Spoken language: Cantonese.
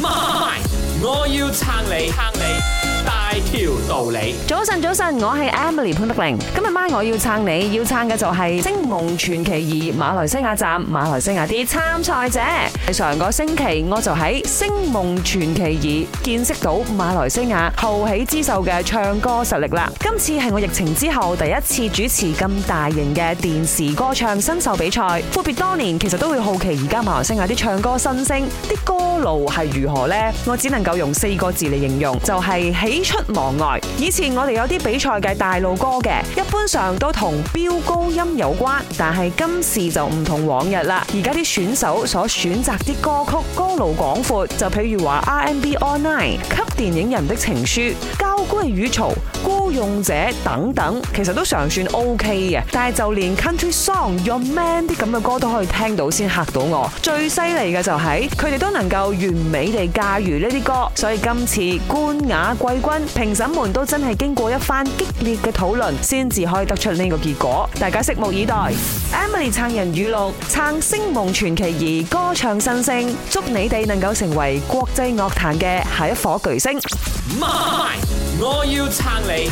My, 我要撐你撐你大條道理。早晨早晨，我係 Emily 潘德玲。今日媽咪我要撐你，要撐嘅就係《星夢傳奇二》馬來西亞站馬來西亞啲參賽者。喺上個星期我就喺《星夢傳奇二》見識到馬來西亞後起之秀嘅唱歌實力啦。今次係我疫情之後第一次主持咁大型嘅電視歌唱新秀比賽，闊別多年，其實都會好奇而家馬來西亞啲唱歌新星啲歌路係如何呢？我只能夠用四個字嚟形容，就是，就係喜出望外。以前我哋有啲比賽嘅大路歌嘅，一般上都同飆高音有關，但係今時就唔同往日啦。而家啲選手所選擇啲歌曲，歌路廣闊，就譬如話 R&B All Night、給電影人的情書、交關雨嘈。用者等等，其實都尚算 O K 嘅，但係就連 Country Song、Your Man 啲咁嘅歌都可以聽到，先吓到我。最犀利嘅就係佢哋都能夠完美地駕馭呢啲歌，所以今次冠亞季軍評審們都真係經過一番激烈嘅討論，先至可以得出呢個結果。大家拭目以待 em 撐。Emily 撐人語錄，撐星夢傳奇兒，歌唱新星，祝你哋能夠成為國際樂壇嘅下一顆巨星。我要撐你。